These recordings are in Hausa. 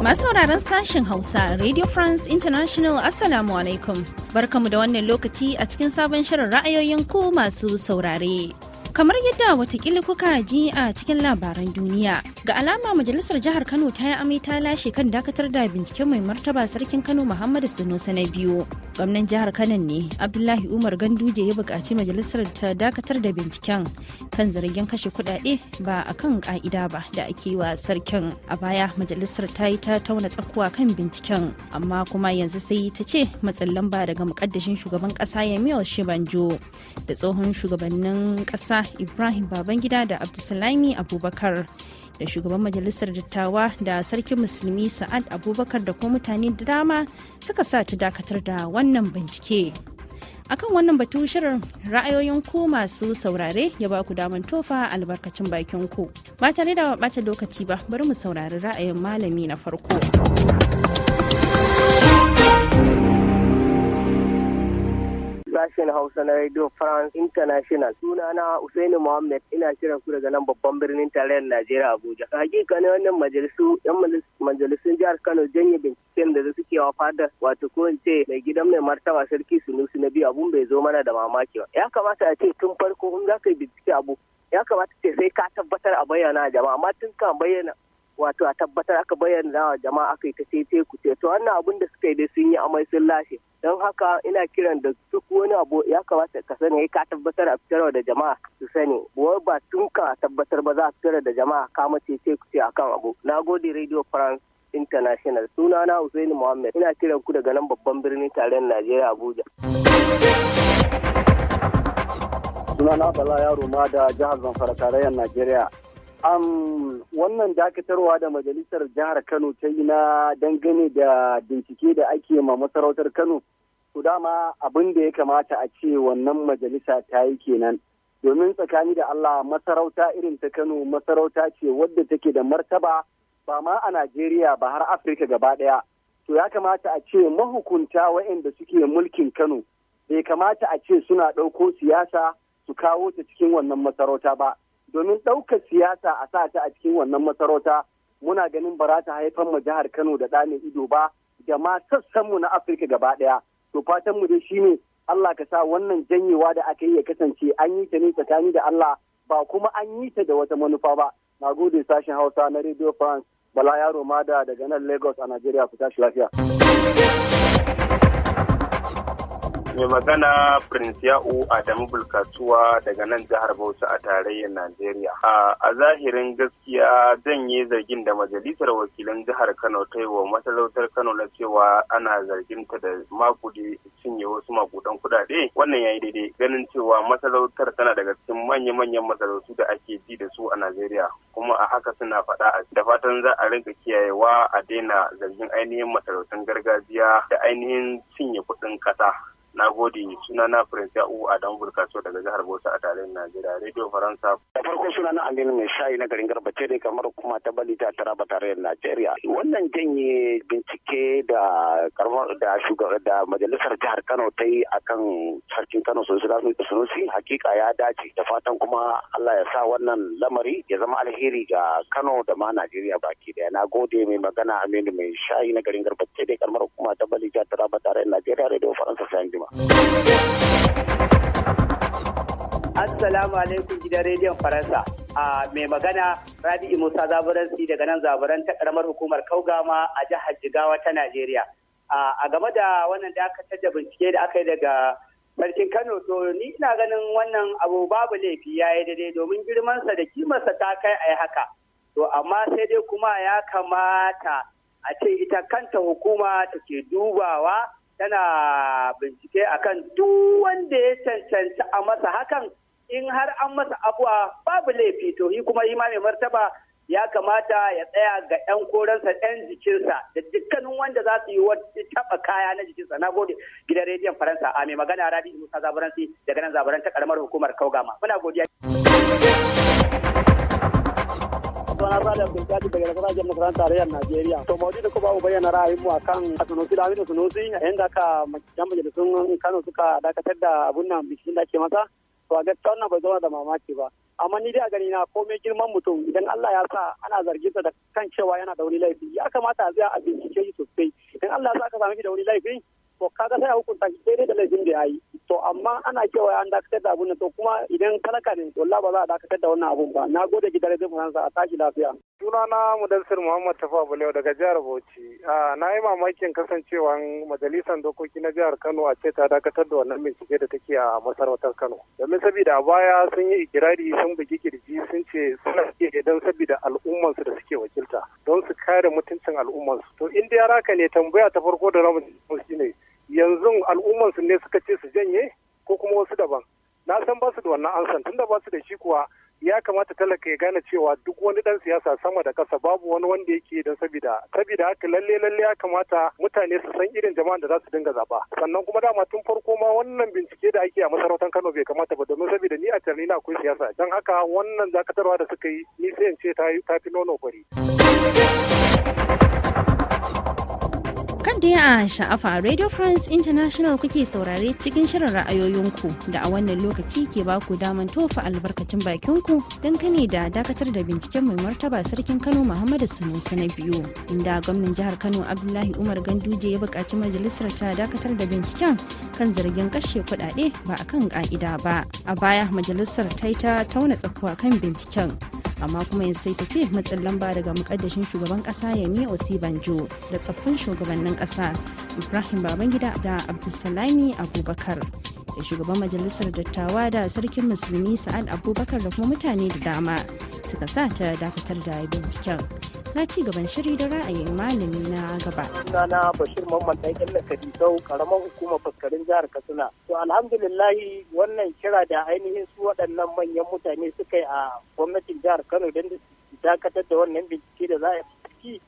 Masu sauraron sashen Hausa Radio France International Assalamu alaikum. Barkamu da wannan lokaci a cikin sabon shirin ra'ayoyin ku masu saurare. kamar yadda watakila kuka ji a cikin labaran duniya ga alama majalisar jihar kano ta yi amai ta lashe kan dakatar da binciken mai martaba sarkin kano muhammadu sanusi na biyu gwamnan jihar kano ne abdullahi umar ganduje ya buƙaci majalisar ta dakatar da binciken kan zargin kashe kuɗaɗe ba a kan ƙa'ida ba da ake wa sarkin a baya majalisar ta yi ta tauna tsakuwa kan binciken amma kuma yanzu sai ta ce matsin lamba daga muƙaddashin shugaban ƙasa yamiyar shibanjo da tsohon shugabannin ƙasa ibrahim babangida da abdulsalami abubakar da shugaban majalisar dattawa da sarkin musulmi sa'ad abubakar da kuma mutane da dama suka sa ta dakatar da wannan bincike akan wannan batu shirin ra'ayoyin ku masu saurare ya ba ku damar tofa albarkacin bakin ku ba tare da ɓata lokaci ba bari mu saurari ra'ayin malami na farko sashen Hausa na Radio France International. suna na Usaini Mohammed ina kiran ku daga nan babban birnin tarayyar Najeriya Abuja. Hakika ne wannan majalisu yan majalisun jihar Kano janye binciken da suke wa fadar wato ko in ce mai gidan mai martaba sarki Sunusi na biyu abun bai zo mana da mamaki ba. Ya kamata a ce tun farko in za ka yi bincike abu ya kamata ce sai ka tabbatar a bayyana jama'a amma tun kan bayyana wato a tabbatar aka bayyana wa jama'a aka yi ta sai ku ce to wannan abun da suka yi dai sun yi amai sun lashe don haka ina kiran da duk wani abu ya kamata ka sani ka tabbatar a fitarwa da jama'a su sani wai ba tun ka tabbatar ba za a fitar da jama'a ka mace ce ku ce akan abu na gode radio france international Suna na Hussaini muhammad ina kiran ku daga nan babban birnin tarayyar najeriya abuja sunana bala yaro ma da jihar zamfara tarayyar najeriya Um, wannan dakatarwa da majalisar jihar Kano ta yi na dangane da bincike da ake ma masarautar Kano, to dama abin da ya kamata a ce wannan majalisa ta yi kenan. Domin tsakani da Allah masarauta irin ta Kano masarauta ce wadda take da martaba ba ma a Najeriya ba har Afirka gaba daya To ya kamata a ce mahukunta waɗanda suke mulkin Kano, bai kamata a ce suna ɗauko siyasa su kawo ta cikin wannan masarauta ba. domin ɗaukar siyasa a sa ta a cikin wannan masarauta muna ganin ba za ta haifar mu jihar Kano da ɗamin ido ba da ma sassan mu na Afirka gaba ɗaya to fatan mu dai shine Allah ka sa wannan janyewa da aka yi ya kasance an yi ta ne tsakani da Allah ba kuma an yi ta da wata manufa ba na gode sashen Hausa na Radio France Bala Yaro Mada daga nan Lagos a Najeriya ku tashi lafiya. Mai magana Prince Ya'u Adamu Bulkatuwa daga nan jihar Bauchi a tarayyar Najeriya. A zahirin gaskiya zan yi zargin da majalisar wakilan jihar Kano ta yi wa masarautar Kano na cewa ana zargin ta da makudi cinye wasu makudan kudade wannan yayi daidai ganin cewa masarautar tana daga cikin manya-manyan masarautu da ake ji da su a Najeriya kuma a haka suna faɗa da fatan za a rinka kiyayewa a daina zargin ainihin masarautun gargajiya da ainihin cinye kuɗin ƙasa. na gode suna na prince ya'u a dan burkaso daga jihar bauchi a tarayyar najeriya radio faransa da farko suna na aminu mai shayi na garin garbace ne kamar kuma ta bali ta ba tarayyar najeriya wannan janye bincike da karamar da shugaban da majalisar jihar kano ta yi a kan sarkin kano sunusi hakika ya dace da fatan kuma allah ya sa wannan lamari ya zama alheri ga kano da ma najeriya baki daya na gode mai magana aminu mai shayi na garin garbace ne kamar kuma ta bali ta ba tarayyar najeriya radio faransa sayan ba. Assalamu alaikum gidan rediyon Faransa. A mai magana Rabi'u Musa Zaburansi daga nan Zaburan ta karamar hukumar Kaugama a jihar Jigawa ta Najeriya. A game da wannan dakatar da bincike da aka yi daga sarkin Kano to ni ina ganin wannan abu babu laifi ya yi daidai domin girmansa da kimarsa ta kai a yi haka. To amma sai dai kuma ya kamata a ce ita kanta hukuma take dubawa tana bincike akan duk wanda ya cancanta a masa hakan in har an masa abuwa babu laifi to yi kuma yi mai martaba ya kamata ya tsaya ga 'yan koransa 'yan jikinsa da dukkanin wanda za su yi wata taba kaya na jikinsa na gode gidan rediyon faransa a mai magana rabi musa zaburansi daga nan zaburan ta karamar hukumar kaugama muna godiya Sunana Ibrahim Abdulkadir daga Kwalajin Makarantar Tarayyar Najeriya. To Maudu da kuma bayyana ra'ayinmu mu kan Sunusi da Aminu Sunusi yayin da aka yan majalisun Kano suka dakatar da abun nan bikin da ake masa. To a gaskiya wannan bai zama da mamaki ba. amma ni dai a gani na komai girman mutum idan Allah ya sa ana zargin sa da kan cewa yana da wani laifi ya kamata a zai a bincike shi sosai idan Allah ya sa aka sami shi da wani laifi to kaga sai a hukunta shi daidai da laifin da ya yi to amma ana cewa an dakatar da abun to kuma idan talaka ne wallahi ba za a dakatar da wannan abun ba na gode gidan rediyon faransa a tashi lafiya na mudassir muhammad tafa daga jihar bauchi na yi mamakin kasancewan majalisar dokoki na jihar kano a ce ta dakatar da wannan bincike da take a masarautar kano domin saboda a baya sun yi ikirari sun bugi kirji sun ce suna iya don saboda al'ummarsu da suke wakilta don su kare mutuncin al'ummarsu to in dai raka ne tambaya ta farko da ramin ne. yanzu al'umman su ne suka ce su janye ko kuma wasu daban na san ba su da wannan ansan tunda ba su da shi kuwa ya kamata talaka ya gane cewa duk wani dan siyasa sama da kasa babu wani wanda yake don sabida sabida haka lalle lalle ya kamata mutane su san irin jama'an da za su dinga zaba sannan kuma dama tun farko ma wannan bincike da ake a masarautar Kano bai kamata ba domin sabida ni a tarni na akwai siyasa don haka wannan zakatarwa da suka yi ni sai in ce ta fi nono kwari. dai a sha'afa Radio France International kuke saurare cikin shirin ra'ayoyinku da a wannan lokaci ke baku daman tofa albarkacin bakinku kani da dakatar da binciken mai martaba sarkin Kano Muhammadu Sanusi na biyu inda gwamnan jihar Kano Abdullahi Umar Ganduje ya buƙaci majalisar ta dakatar da binciken kan zargin kashe kuɗaɗe ba a kan ƙa'ida ba. A baya majalisar ta yi ta tauna tsakuwa kan binciken amma kuma yanzu sai ta ce matsin lamba daga mukaddashin shugaban kasa ya yemi banjo da tsaffin shugabannin kasa ibrahim babangida da abdulsalami abubakar da shugaban majalisar dattawa da sarkin musulmi sa'ad abubakar da kuma mutane da dama suka sa ta dakatar da binciken na ci gaban shiri da ra'ayin malami na gaba. Sunana Bashir Mamman ɗan ƙyallar Kadisau karamar hukumar fuskarin jihar Katsina. To alhamdulillah wannan kira da ainihin su waɗannan manyan mutane suka yi a gwamnatin jihar Kano don dakatar da wannan bincike da za a yi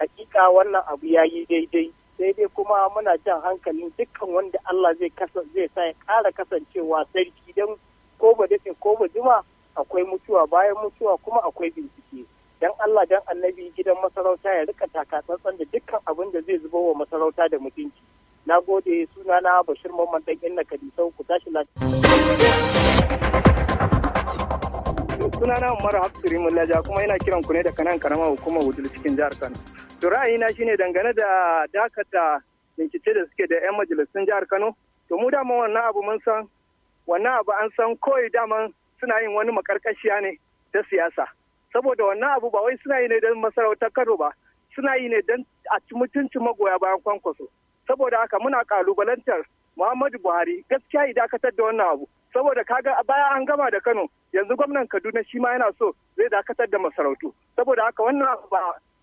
hakika wannan abu ya yi daidai. sai dai kuma muna jan hankalin dukkan wanda Allah zai zai sa ya ƙara kasancewa sarki don ko ba dace ko ba juma akwai mutuwa bayan mutuwa kuma akwai bincike. dan Allah dan annabi gidan masarauta ya rika takatsantsan da dukkan abin da zai zubo wa masarauta da mutunci na gode sunana Bashir Muhammad dan inna Kadisau ku tashi lafiya sunana Umar Hafsiri Mullaja kuma ina kiran ku ne da kanan karama hukumar Wudul cikin jihar Kano to ra'ayina shine dangane da dakata bincike da suke da 'yan majalisun jihar Kano to mu dama wannan abu mun san wannan abu an san koyi daman suna yin wani makarkashiya ne ta siyasa saboda wannan abu ba wai suna yi ne don masarautar kano ba suna yi ne don a ci mutuncin magoya bayan kwankwaso saboda haka muna kalubalantar muhammadu buhari gaskiya idan dakatar da wannan abu saboda kaga baya an gama da kano yanzu gwamnan kaduna shi ma yana so zai dakatar da masarautu saboda haka wannan ba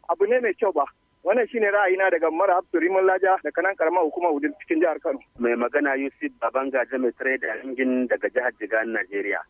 abu ne mai kyau ba wannan shine ra'ayina daga mara hafsu rimin laja da kanan karamar hukumar wudin cikin jihar kano mai magana yusuf babanga jami da daga jihar jigan najeriya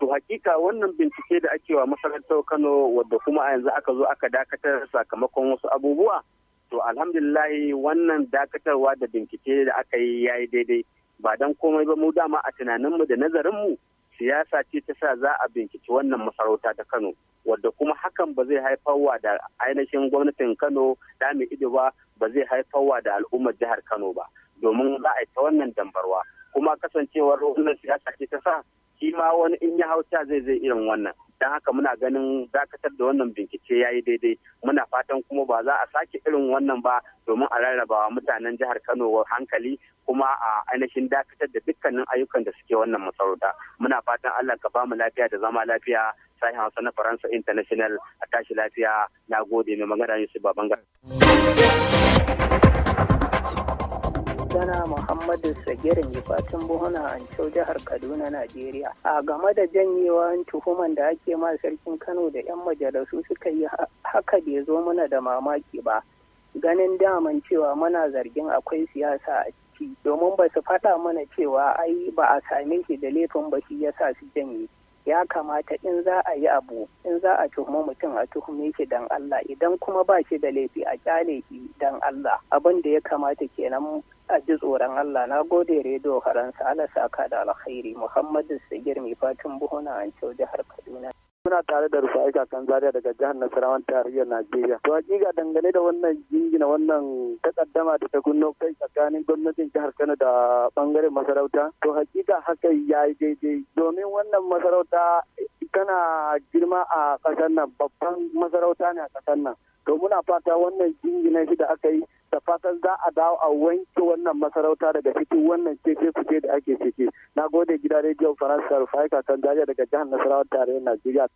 To hakika wannan bincike da ake wa masarautar Kano wadda kuma a yanzu aka zo aka dakatar sakamakon wasu abubuwa. To alhamdulillahi wannan dakatarwa da bincike da aka yi ya yi daidai. Ba don komai ba mu dama a tunaninmu da nazarinmu siyasa ce ta sa za a binciki wannan masarauta ta Kano. Wadda kuma hakan ba zai haifarwa da ainihin gwamnatin Kano dami ido ba ba zai haifarwa da al'ummar jihar Kano ba. Domin za a yi ta wannan dambarwa. Kuma kasancewar wannan siyasa ce ta sa shi ma wani in ya hauta zai zai irin wannan don haka muna ganin dakatar da wannan bincike ya yi daidai muna fatan kuma ba za a sake irin wannan ba domin a rarrabawa mutanen jihar kano hankali kuma a ainihin dakatar da dukkanin ayyukan da suke wannan masarauta muna fatan allah ka bamu lafiya da zama lafiya sai hausa na faransa international a tashi lafiya na gode mai magana yusuf babangare magana Muhammadu Sagirin Ifatin Buhuna Anco jihar Kaduna, Najeriya. A game da janyewan tuhuman da ake ma sarkin Kano da 'yan majalisu suka yi haka bai zo mana da mamaki ba. Ganin daman cewa muna zargin akwai siyasa a ciki domin ba su faɗa mana cewa ai ba a same shi da laifin ba shi yasa su janye. ya kamata in za a yi abu in za a tuhumi mutum a tuhume shi dan Allah idan kuma ba shi da laifi a kyale shi dan Allah abin da ya kamata kenan a ji tsoron Allah na gode rediyo Faransa Allah saka da alkhairi Muhammadu Sigir mai fatin buhuna an jihar Kaduna Muna tare da Rufai Kakan Zaria daga jihar Nasarawan tarayyar Najeriya. To hakika dangane da wannan jingina wannan takaddama da ta kunno kai tsakanin gwamnatin jihar Kano da bangaren masarauta. To hakika haka ya yi daidai domin wannan masarauta tana girma a kasar nan babban masarauta ne a kasar nan to muna fata wannan jingina shi da aka yi da fatan za a dawo a wanke wannan masarauta daga cikin wannan cece kuce da ake cike na gode gida rediyon faransa rufai kakan jaja daga jihar nasarawa tarayyar najeriya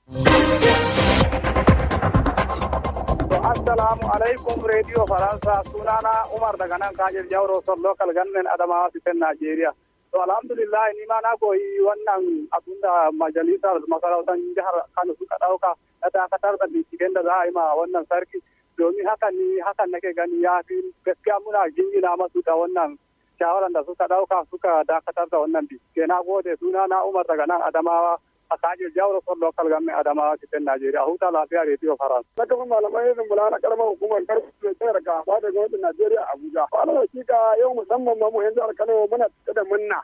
assalamu alaikum radio faransa sunana umar daga nan kajin jauro son local government adamawa fitan najeriya To alhamdulillah ni ma na koyi wannan abin da majalisar masarautar jihar Kano suka ɗauka na dakatar da binciken da za a yi ma wannan sarki domin hakan ni hakan nake gani ya fi gaskiya muna jingina masu da wannan shawaran da suka ɗauka suka dakatar da wannan bincike. Na gode suna na Umar daga nan Adamawa. Akaji Jawar adama Local Government Adamawa Kitin Najeriya huta lafiya Radio France. Na kafin malamai zan bula na karamar hukumar karfi da tsayar gaba da gwamnatin Najeriya Abuja. shi hakika yau musamman ma mu yanzu Kano muna na. da munna.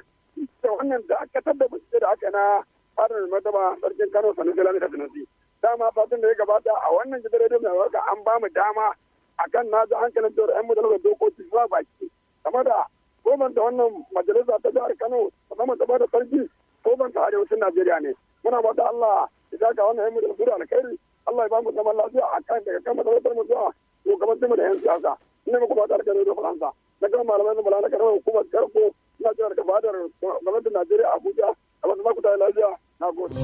Da wannan da aka tabbata da aka na fadar martaba sarkin Kano Sanu Jalani Kadunasi. Dama tun da ya gabata a wannan gidan da mai warka an ba mu dama akan na ji hankalin da 'yan da dokoki zuwa baki. kamar da goma da wannan majalisa ta jihar Kano musamman ta ba da sarki goma ta arewacin Najeriya ne. muna ba Allah ya saka wannan yamma da gudu alkhairi Allah ya ba mu zaman lafiya a kan daga kan masarautar mu zuwa shugaban da yan siyasa ina muku fata alkhairi da faransa na kan malamai da malana karamar hukumar karko ina jira daga fadar gwamnatin Najeriya Abuja a wasu makuta lafiya na gode.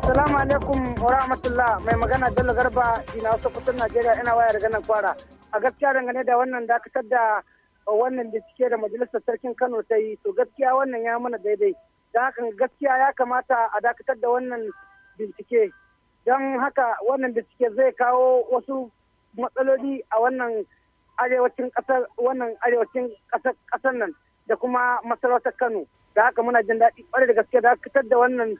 Assalamu alaikum wa rahmatullah mai magana Bello Garba ina wasu kusan Najeriya ina wayar daga nan kwara. A gaskiya dangane da wannan dakatar da wannan da da majalisar sarkin Kano ta yi to gaskiya wannan ya mana daidai. da hakan gaskiya ya kamata a dakatar da wannan bincike don haka wannan bincike zai kawo wasu matsaloli a wannan arewacin kasar wannan arewacin kasar nan da kuma masarautar kano da haka muna jin daɗi kwarai da gaske dakatar da wannan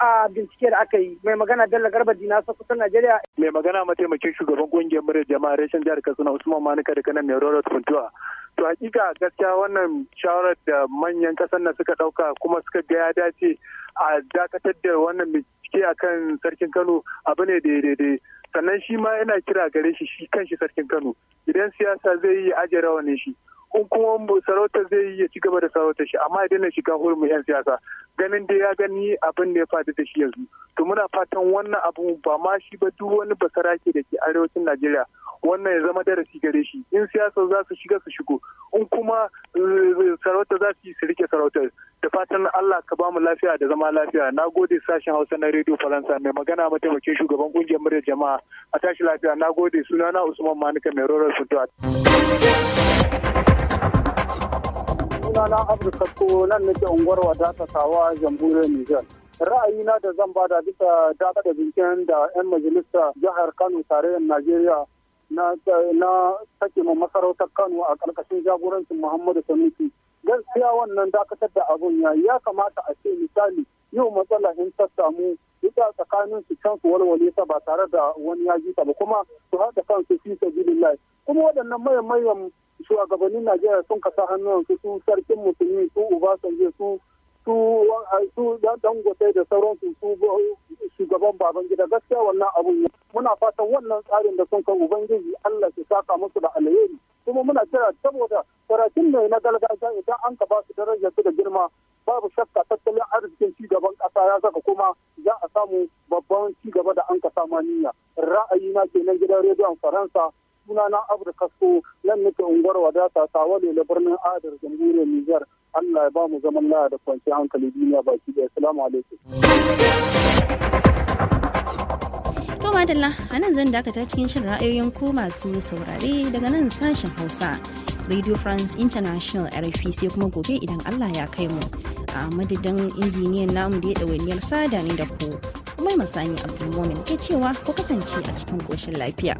a bincike da aka yi mai magana Bello Garba Dina Sokoto Najeriya. Mai magana mataimakin shugaban kungiyar murar jama'a Rashin jihar Katsina Usman Manuka da kanan mai rawar tuntuwa to hakika gaskiya wannan shawarar da manyan kasar na suka dauka kuma suka gaya dace a dakatar da wannan bincike a kan sarkin kano abu ne daidai sannan shi ma yana kira gare shi shi kanshi sarkin kano idan siyasa zai yi ajiye rawanin shi in kuma sarauta zai yi ya ci gaba da sarauta shi amma idan na shiga mu 'yan siyasa ganin da ya gani abin da ya faɗi da shi yanzu to muna fatan wannan abu ba ma shi ba duk wani basarake da ke arewacin najeriya wannan ya zama darasi gare shi in siyasa za su shiga su shigo in kuma eh, sarauta za su yi su rike sarauta da fatan allah ka bamu lafiya da zama lafiya na gode sashen hausa na rediyo faransa mai magana mataimakin shugaban kungiyar murya jama'a a tashi lafiya na gode sunana usman manika mai rorar fito sunana afirka ko nan nake unguwar wadata kawa jamhuriyar nijar ra'ayina da zan bada bisa daga da binciken da 'yan majalisa jihar kano tarayyar najeriya na sake ma masarautar kano a karkashin jagorancin muhammadu sanusi gaskiya wannan dakatar da abun ya ya kamata a ce misali yau matsala in ta samu duka tsakanin su can su walwale ta ba tare da wani ya ji ba kuma su haɗa kansu fi lai kuma waɗannan mayan mayan shugabannin Najeriya sun kasa hannun su su sarkin musulmi su Obasanjo su su su dangote da sauransu su shugaban baban gida gaskiya wannan abun muna fatan wannan tsarin da sun kan ubangiji Allah su saka musu da alheri kuma muna kira saboda karatun mai na gargajiya idan an ka ba su darajar su da girma babu shakka tattalin arzikin ci gaban ƙasa ya saka kuma samu babban ci gaba da an ka sama niyya ra'ayina kenan gidan rediyon faransa sunana abu da kasko nan nake unguwar wadata tawale na birnin adar jamhuriyar niger allah ya ba mu zaman laya da kwanciyar hankali duniya baki da assalamu alaikum To madalla a nan zan dakata cikin shirin ra'ayoyin ku masu saurare daga nan sashen Hausa. Radio France International RFI sai kuma gobe idan Allah ya kai mu. a madadin injiniyan namu da ya ɗawainiyar sada ne da ku kuma masani abdulmomin ke cewa ku kasance a cikin koshin lafiya.